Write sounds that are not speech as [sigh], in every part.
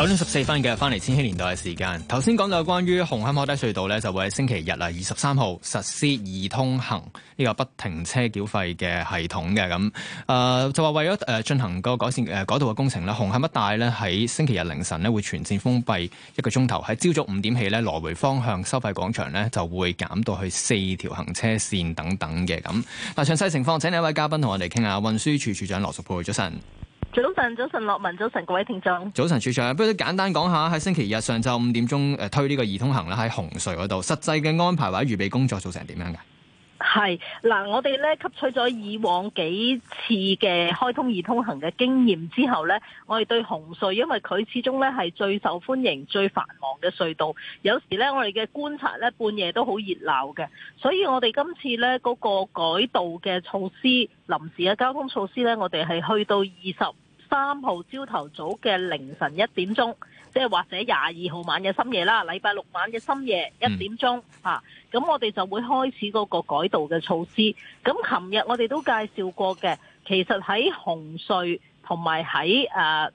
九點十四分嘅翻嚟千禧年代嘅時間，頭先講到關於紅磡海底隧道呢，就會喺星期日啊二十三號實施易通行呢個不停車繳費嘅系統嘅咁，誒，就話為咗誒進行個改善誒度嘅工程咧，紅磡一帶呢喺星期日凌晨呢會全線封閉一個鐘頭，喺朝早五點起呢，來回方向收費廣場呢就會減到去四條行車線等等嘅咁。嗱，詳細情況，請一位嘉賓同我哋傾下運輸署署長羅淑佩，早晨。早晨，早晨，樂文，早晨，各位聽眾。早晨，處長，不如簡單講下喺星期日上晝五點鐘推呢個易通行啦，喺紅隧嗰度，實際嘅安排或者預備工作做成點樣嘅？係嗱，我哋咧吸取咗以往幾次嘅開通易通行嘅經驗之後咧，我哋對紅隧，因為佢始終咧係最受歡迎、最繁忙嘅隧道，有時咧我哋嘅觀察咧半夜都好熱鬧嘅，所以我哋今次咧嗰個改道嘅措施、臨時嘅交通措施咧，我哋係去到二十。三號朝頭早嘅凌晨一點鐘，即係或者廿二號晚嘅深夜啦，禮拜六晚嘅深夜一點鐘，嚇、嗯，咁、啊、我哋就會開始嗰個改道嘅措施。咁琴日我哋都介紹過嘅，其實喺紅隧同埋喺誒誒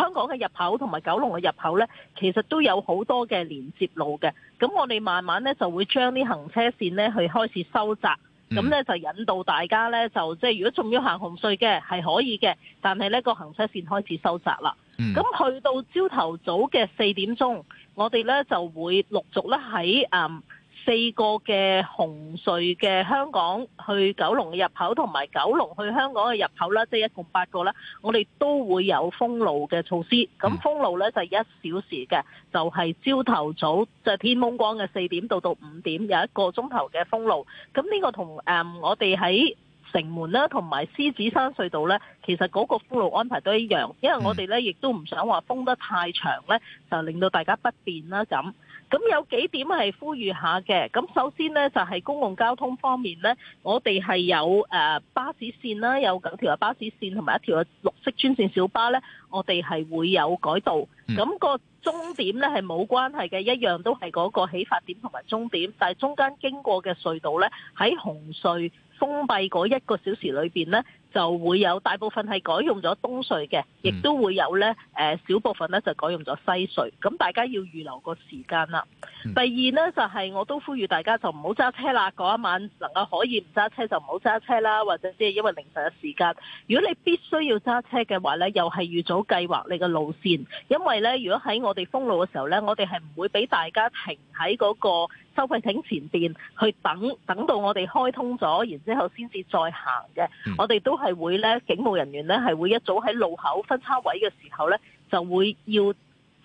香港嘅入口同埋九龍嘅入口呢，其實都有好多嘅連接路嘅。咁我哋慢慢呢就會將啲行車線呢去開始收窄。咁咧就引導大家咧，就即係如果仲要行紅隧嘅係可以嘅，但係咧個行車線開始收窄啦。咁、嗯、去到朝頭早嘅四點鐘，我哋咧就會陸續咧喺誒。嗯四個嘅紅隧嘅香港去九龍嘅入口，同埋九龍去香港嘅入口啦，即係一共八個啦，我哋都會有封路嘅措施。咁封路呢，就係、是、一小時嘅，就係朝頭早就係、是、天蒙光嘅四點到到五點有一個鐘頭嘅封路。咁呢個同誒、嗯、我哋喺城門啦，同埋獅子山隧道呢，其實嗰個封路安排都一樣，因為我哋呢，亦都唔想話封得太長呢，就令到大家不便啦咁。咁有幾點係呼籲下嘅，咁首先咧就係公共交通方面咧，我哋係有誒巴士線啦，有九條嘅巴士線同埋一條嘅綠色專線小巴咧，我哋係會有改道，咁個終點咧係冇關係嘅，一樣都係嗰個起發點同埋終點，但係中間經過嘅隧道咧，喺紅隧封閉嗰一個小時裏邊咧。就會有大部分係改用咗東隧嘅，亦都會有呢誒小部分呢就改用咗西隧。咁大家要預留個時間啦。第二呢，就係、是、我都呼籲大家就唔好揸車啦。嗰一晚能夠可以唔揸車就唔好揸車啦，或者即係因為凌晨嘅時間，如果你必須要揸車嘅話呢，又係預早計劃你嘅路線，因為呢，如果喺我哋封路嘅時候呢，我哋係唔會俾大家停喺嗰、那個。收費亭前邊去等，等到我哋開通咗，然之後先至再行嘅。 [noise] 我哋都係會咧，警務人員咧係會一早喺路口分叉位嘅時候咧，就會要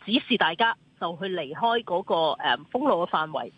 指示大家就去離開嗰、那個、嗯、封路嘅範圍。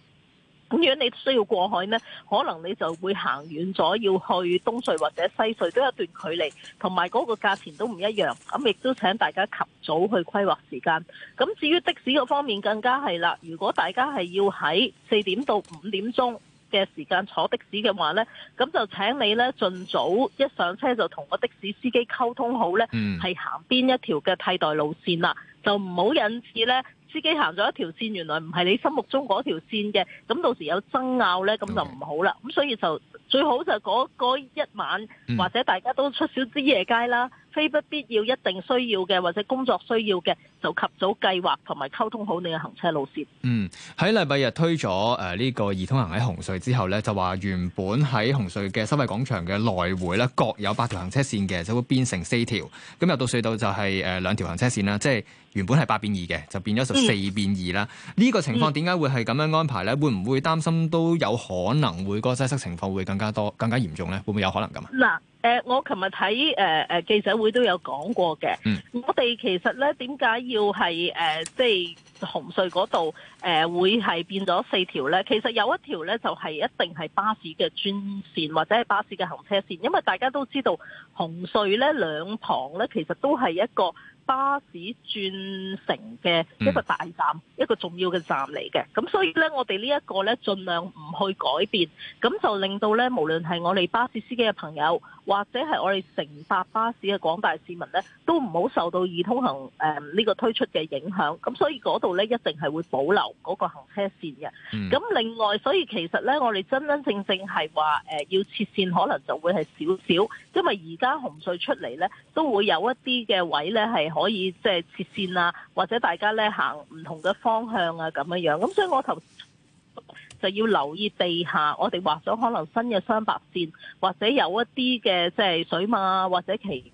咁樣你需要過海呢，可能你就會行遠咗，要去東隧或者西隧都有一段距離，同埋嗰個價錢都唔一樣。咁亦都請大家及早去規劃時間。咁至於的士個方面更加係啦，如果大家係要喺四點到五點鐘嘅時間坐的士嘅話呢，咁就請你呢盡早一上車就同個的士司機溝通好呢，係、嗯、行邊一條嘅替代路線啦。就唔好引致咧，司機行咗一條線，原來唔係你心目中嗰條線嘅，咁到時有爭拗咧，咁就唔好啦。咁所以就最好就嗰嗰一晚，或者大家都出少啲夜街啦，非不必要一定需要嘅，或者工作需要嘅，就及早計劃同埋溝通好你嘅行車路線。嗯，喺禮拜日推咗誒呢個易通行喺紅隧之後咧，就話原本喺紅隧嘅收費廣場嘅來回咧各有八條行車線嘅，就會變成四條。咁入到隧道就係誒兩條行車線啦，即係。原本係八變二嘅，就變咗十四變二啦。呢、嗯、個情況點解會係咁樣安排咧？會唔會擔心都有可能會個擠塞情況會更加多、更加嚴重咧？會唔會有可能咁啊？嗱，誒，我琴日睇誒誒記者會都有講過嘅，嗯、我哋其實咧點解要係誒、呃、即？紅隧嗰度，誒會係變咗四條咧。其實有一條咧，就係一定係巴士嘅專線或者係巴士嘅行車線，因為大家都知道紅隧咧兩旁咧，其實都係一個巴士轉乘嘅一個大站，一個重要嘅站嚟嘅。咁所以咧，我哋呢一個咧，盡量唔去改變，咁就令到咧，無論係我哋巴士司機嘅朋友，或者係我哋乘搭巴士嘅廣大市民咧，都唔好受到易通行誒呢個推出嘅影響，咁所以嗰度。咧一定係會保留嗰個行車線嘅，咁、嗯、另外，所以其實咧，我哋真真正正係話，誒、呃，要切線可能就會係少少，因為而家洪水出嚟咧，都會有一啲嘅位咧係可以即係切線啊，或者大家咧行唔同嘅方向啊，咁樣樣。咁所以我頭就要留意地下，我哋畫咗可能新嘅雙白線，或者有一啲嘅即係水馬或者其。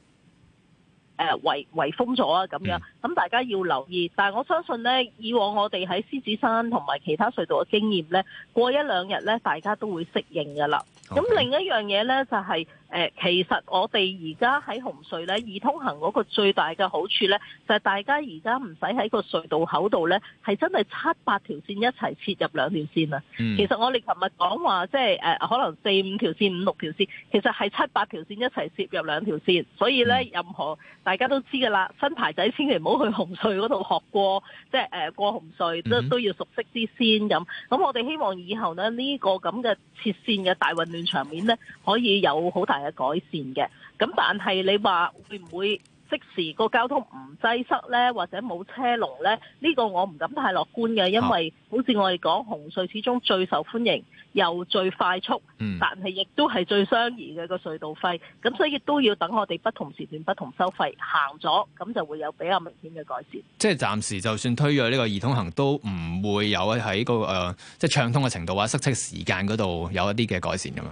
誒，圍圍封咗啊，咁樣，咁大家要留意。但係我相信咧，以往我哋喺獅子山同埋其他隧道嘅經驗咧，過一兩日咧，大家都會適應噶啦。咁 Okay. 另一樣嘢咧就係。誒、呃，其實我哋而家喺紅隧咧，易通行嗰個最大嘅好處咧，就係、是、大家而家唔使喺個隧道口度咧，係真係七八條線一齊切入兩條線啊！嗯、其實我哋琴日講話，即係誒，可能四五條線、五六條線，其實係七八條線一齊切入兩條線，所以咧，嗯、任何大家都知嘅啦，新牌仔千祈唔好去紅隧嗰度學過，即係誒過紅隧、嗯、都都要熟悉啲先。咁。咁我哋希望以後呢，呢、這個咁嘅切線嘅大混亂場面咧，可以有好大。係改善嘅，咁但係你話會唔會即時個交通唔擠塞咧，或者冇車龍咧？呢個我唔敢太樂觀嘅，因為好似我哋講紅隧，始終最受歡迎又最快速，但係亦都係最相宜嘅個隧道費。咁所以都要等我哋不同時段不同收費行咗，咁就會有比較明顯嘅改善。即係暫時就算推約呢個易通行，都唔會有一喺個誒，即係暢通嘅程度啊，塞車時間嗰度有一啲嘅改善咁樣。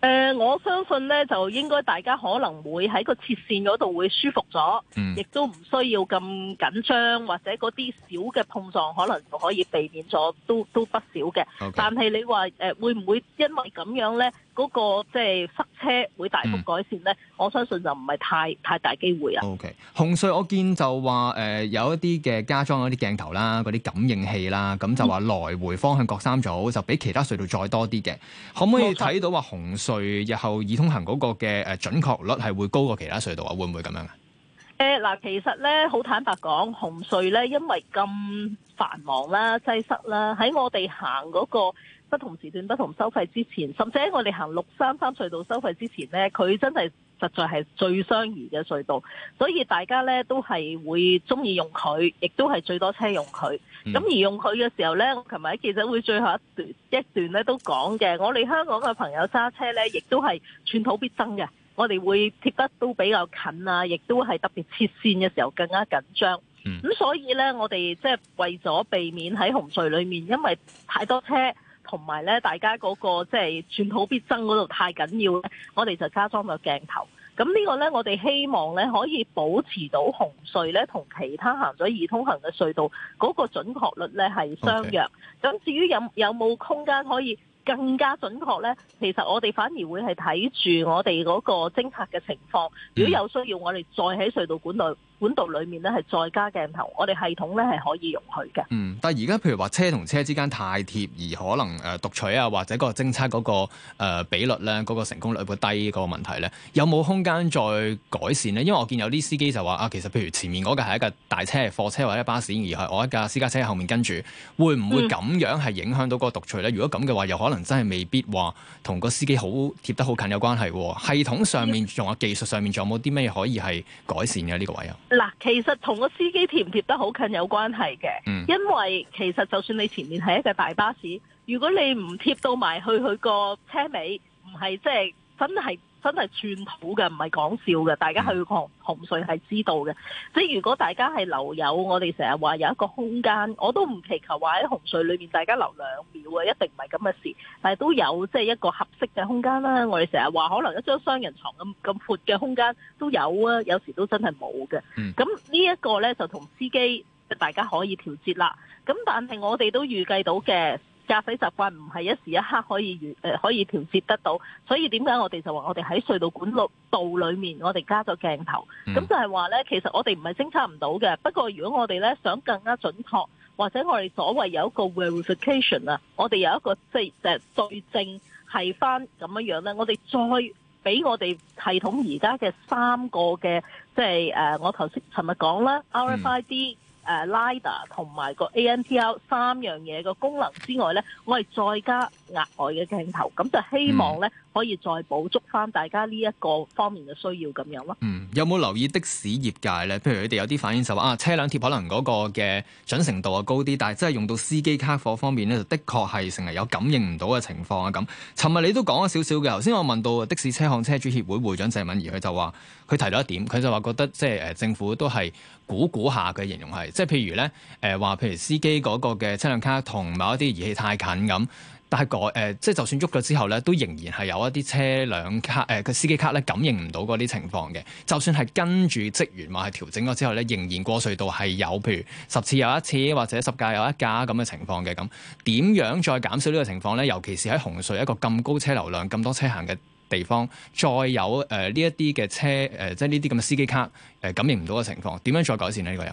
誒、呃，我相信呢，就應該大家可能會喺個切線嗰度會舒服咗，亦、嗯、都唔需要咁緊張，或者嗰啲小嘅碰撞可能就可以避免咗，都都不少嘅。Okay. 但係你話誒、呃，會唔會因為咁樣呢？嗰個即係塞車會大幅改善咧，我相信就唔係太太大機會啦。OK，紅隧我見就話誒有一啲嘅加裝嗰啲鏡頭啦、嗰啲感應器啦，咁就話來回方向各三組，就比其他隧道再多啲嘅。可唔可以睇到話紅隧日後易通行嗰個嘅誒準確率係會高過其他隧道啊？會唔會咁樣啊？誒嗱，其實咧好坦白講，紅隧咧因為咁繁忙啦、擠塞啦，喺我哋行嗰個。不同時段，不同收費之前，甚至喺我哋行六三三隧道收費之前咧，佢真係實在係最相宜嘅隧道，所以大家咧都係會中意用佢，亦都係最多車用佢。咁而用佢嘅時候咧，我琴日喺記者會最後一段一段咧都講嘅，我哋香港嘅朋友揸車咧，亦都係寸土必爭嘅，我哋會貼得都比較近啊，亦都係特別切線嘅時候更加緊張，咁所以咧，我哋即係為咗避免喺紅隧裏面，因為太多車。同埋咧，大家嗰、嗰個即係寸土必爭嗰度太緊要咧，我哋就加裝個鏡頭。咁呢個咧，我哋希望咧可以保持到紅隧咧同其他行咗二通行嘅隧道嗰、嗰個準確率咧係相若。咁 Okay. 至於有有冇空間可以更加準確咧，其實我哋反而會係睇住我哋嗰個偵察嘅情況。如果有需要，我哋再喺隧道管內。管道裡面咧係再加鏡頭，我哋系統咧係可以容許嘅。嗯，但係而家譬如話車同車之間太貼而可能誒讀取啊，或者個偵測嗰個誒比率咧，嗰個成功率會低嗰個問題咧，有冇空間再改善咧？因為我見有啲司機就話啊，其實譬如前面嗰架係一架大車，貨車或者巴士，而係我一架私家車後面跟住，會唔會咁樣係影響到嗰個讀取咧？嗯、如果咁嘅話，又可能真係未必話同個司機好貼得好近有關係，啊。系統上面仲有技術上面仲有冇啲咩可以係改善嘅呢個位啊？嗱，其實同個司機貼唔貼得好近有關係嘅，嗯、因為其實就算你前面係一隻大巴士，如果你唔貼到埋去佢個車尾，唔係即係真係。真係寸土嘅，唔係講笑嘅。大家去紅紅隧係知道嘅。即係如果大家係留有，我哋成日話有一個空間，我都唔祈求話喺紅隧裏面大家留兩秒啊，一定唔係咁嘅事。但係都有即係一個合適嘅空間啦。我哋成日話可能一張雙人床咁咁闊嘅空間都有啊，有時都真係冇嘅。咁呢一個呢，就同司機，大家可以調節啦。咁但係我哋都預計到嘅。駕駛習慣唔係一時一刻可以越誒、呃、可以調節得到，所以點解我哋就話我哋喺隧道管路道裡面，我哋加咗鏡頭，咁、嗯、就係話咧，其實我哋唔係偵測唔到嘅。不過如果我哋咧想更加準確，或者我哋所謂有一個 verification 啊，我哋有一個即係誒對證，係翻咁樣樣咧，我哋再俾我哋系統而家嘅三個嘅即係誒，我頭先琴日講啦，RFID。誒、uh, Lidar 同埋個 A N T L 三樣嘢個功能之外呢我哋再加額外嘅鏡頭，咁就希望呢可以再補足翻大家呢一個方面嘅需要咁樣咯。嗯，有冇留意的士業界呢譬如你哋有啲反應就話啊，車輛貼可能嗰個嘅準程度啊高啲，但係真係用到司機卡貨方面呢就的確係成日有感應唔到嘅情況啊咁。尋日你都講咗少少嘅，頭先我問到的士車行車主協會會,會長謝敏儀，佢就話。佢提到一點，佢就話覺得即係誒、呃、政府都係估估下嘅形容係，即係譬如咧誒話，譬如司機嗰個嘅車輛卡同某一啲儀器太近咁，但係改誒即係就算喐咗之後咧，都仍然係有一啲車輛卡誒個、呃、司機卡咧感應唔到嗰啲情況嘅。就算係跟住職員話係調整咗之後咧，仍然過隧道係有譬如十次有一次或者十架有一架咁嘅情況嘅咁。點樣再減少呢個情況咧？尤其是喺紅隧一個咁高車流量、咁多車行嘅。地方再有誒呢一啲嘅車，誒、呃，即係呢啲咁嘅司機卡誒、呃、感應唔到嘅情況，點樣再改善呢？嗯、呢個又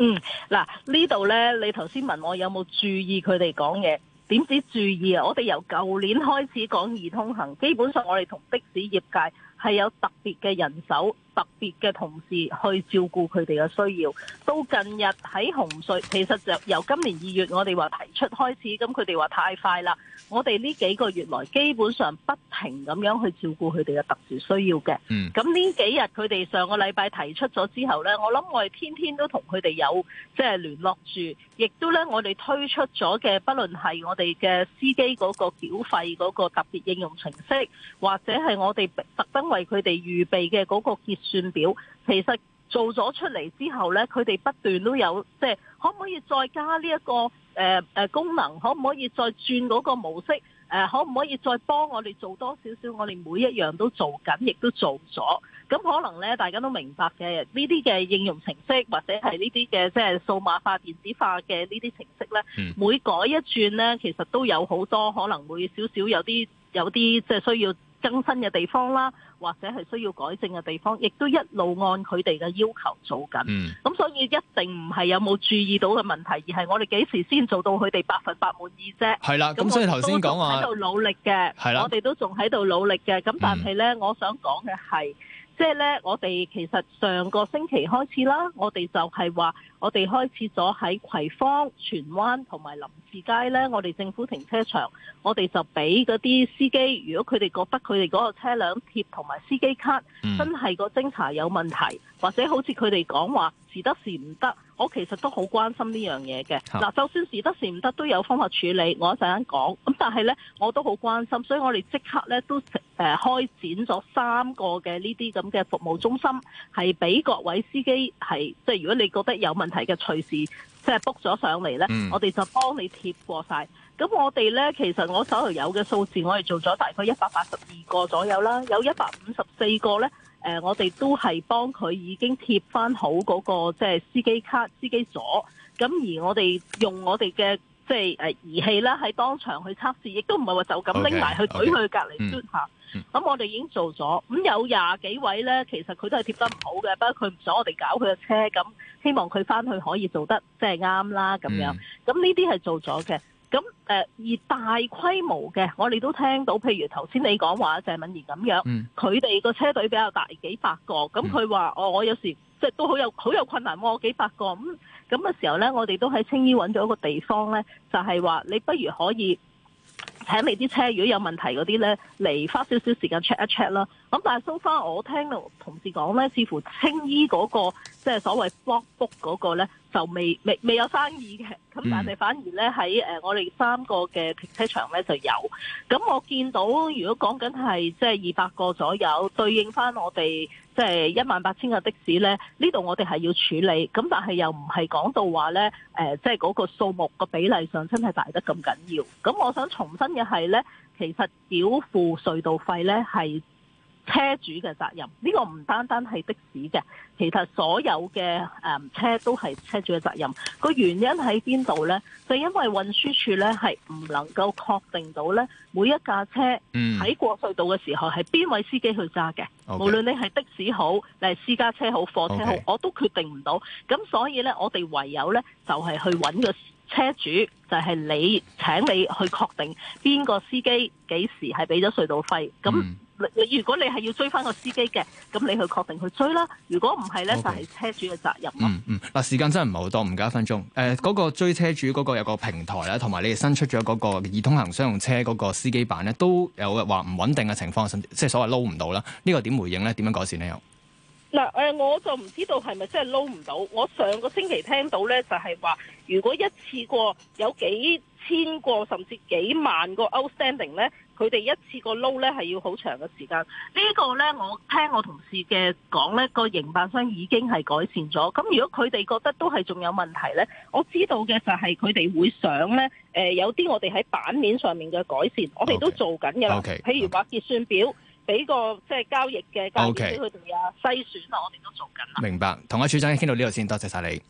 嗯，嗱，呢度咧，你頭先問我有冇注意佢哋講嘢？點止注意啊？我哋由舊年開始講易通行，基本上我哋同的士業界係有特別嘅人手。特別嘅同事去照顧佢哋嘅需要，到近日喺紅隧，其實就由今年二月我哋話提出開始，咁佢哋話太快啦。我哋呢幾個月來基本上不停咁樣去照顧佢哋嘅特殊需要嘅。嗯，咁呢幾日佢哋上個禮拜提出咗之後，我我天天、就是、呢，我諗我哋天天都同佢哋有即係聯絡住，亦都呢我哋推出咗嘅，不論係我哋嘅司機嗰個繳費嗰個特別應用程式，或者係我哋特登為佢哋預備嘅嗰個結算表其實做咗出嚟之後呢，佢哋不斷都有，即係可唔可以再加呢一個誒誒功能？可唔可以再轉嗰個模式？誒可唔可以再幫我哋做多少少？我哋每一樣都做緊，亦都做咗。咁可能呢，大家都明白嘅呢啲嘅應用程式，或者係呢啲嘅即係數碼化、電子化嘅呢啲程式呢，嗯、每改一轉呢，其實都有好多可能會少少有啲有啲即係需要更新嘅地方啦，或者係需要改正嘅地方，亦都一路按佢哋嘅要求做緊。嗯，咁所以一定唔係有冇注意到嘅問題，而係我哋幾時先做到佢哋百分百滿意啫？係啦，咁所以頭先講話喺度努力嘅。係啦，我哋都仲喺度努力嘅。咁但係咧，我想講嘅係即係咧，我哋其實上個星期開始啦，我哋就係話，我哋開始咗喺葵芳、荃灣同埋林。而家咧，我哋政府停車場，我哋就俾嗰啲司機，如果佢哋覺得佢哋嗰個車輛貼同埋司機卡真係個偵查有問題，嗯、或者好似佢哋講話時得時唔得，我其實都好關心呢樣嘢嘅。嗱、嗯，就算時得時唔得都有方法處理，我一陣間講。咁但係呢，我都好關心，所以我哋即刻呢，都誒開展咗三個嘅呢啲咁嘅服務中心，係俾各位司機係即係如果你覺得有問題嘅隨時。即係 book 咗上嚟呢，我哋就幫你貼過晒。咁我哋呢，其實我手頭有嘅數字，我哋做咗大概一百八十二個左右啦。有一百五十四個呢。誒， [noise] 我哋都係幫佢已經貼翻好嗰個即係司機卡、司機鎖。咁而我哋用我哋嘅。 [noise] 即係誒儀器啦，喺當場去測試，亦都唔係話就咁拎埋去舉去隔離。咁我哋已經做咗，咁、嗯、有廿幾位咧，其實佢都係貼得唔好嘅，不過佢唔想我哋搞佢嘅車，咁希望佢翻去可以做得即係啱啦咁樣。咁呢啲係做咗嘅。咁、嗯、誒、呃、而大規模嘅，我哋都聽到，譬如頭先你講話謝敏儀咁樣，佢哋個車隊比較大，幾百個。咁佢話我有時。嗯嗯嗯嗯即係都好有好有困難喎、啊，幾百個咁咁嘅時候咧，我哋都喺青衣揾咗一個地方咧，就係、是、話你不如可以請你啲車如果有問題嗰啲咧嚟花少少時間 check 一 check 啦。咁、嗯、但係收翻我聽到同事講咧，似乎青衣嗰、那個即係所謂 block book 嗰個咧，就未未未有生意嘅。咁但係反而咧喺誒我哋三個嘅停車場咧就有。咁、嗯、我見到如果講緊係即係二百個左右，對應翻我哋。即係一萬八千個的士呢，呢度我哋係要處理，咁但係又唔係講到話呢，誒、呃，即係嗰個數目個比例上真係大得咁緊要。咁我想重申嘅係呢，其實繳付隧道費呢係車主嘅責任，呢、這個唔單單係的士嘅，其實所有嘅誒、呃、車都係車主嘅責任。個原因喺邊度呢？就因為運輸署呢係唔能夠確定到呢每一架車喺過隧道嘅時候係邊位司機去揸嘅，Okay. 無論你係的士好，你係私家車好，貨車好，Okay. 我都決定唔到。咁所以呢，我哋唯有呢就係、是、去揾個車主，就係、是、你請你去確定邊個司機幾時係俾咗隧道費。咁如果你係要追翻個司機嘅，咁你去確定去追啦。如果唔係咧，Okay. 就係車主嘅責任。嗯、啊、嗯，嗱、嗯，時間真係唔係好多，唔夠一分鐘。誒、呃，嗰、嗯、個追車主嗰個有個平台啦，同埋你哋新出咗嗰個易通行商用車嗰個司機版咧，都有話唔穩定嘅情況，甚至即係所謂撈唔到啦。呢、這個點回應咧？點樣改善呢？又？嗱，誒、呃，我就唔知道係咪真係撈唔到。我上個星期聽到咧，就係、是、話，如果一次過有幾千個甚至幾萬個 outstanding 咧，佢哋一次過撈咧係要好長嘅時間。這個、呢個咧，我聽我同事嘅講咧，個營辦商已經係改善咗。咁如果佢哋覺得都係仲有問題咧，我知道嘅就係佢哋會想咧，誒、呃，有啲我哋喺版面上面嘅改善，我哋都做緊嘅啦。Okay, okay, okay. 譬如話結算表。俾個即係交易嘅交俾佢哋啊，篩選啊，我哋都做緊啦。明白，同阿署長傾到呢度先，多謝晒你。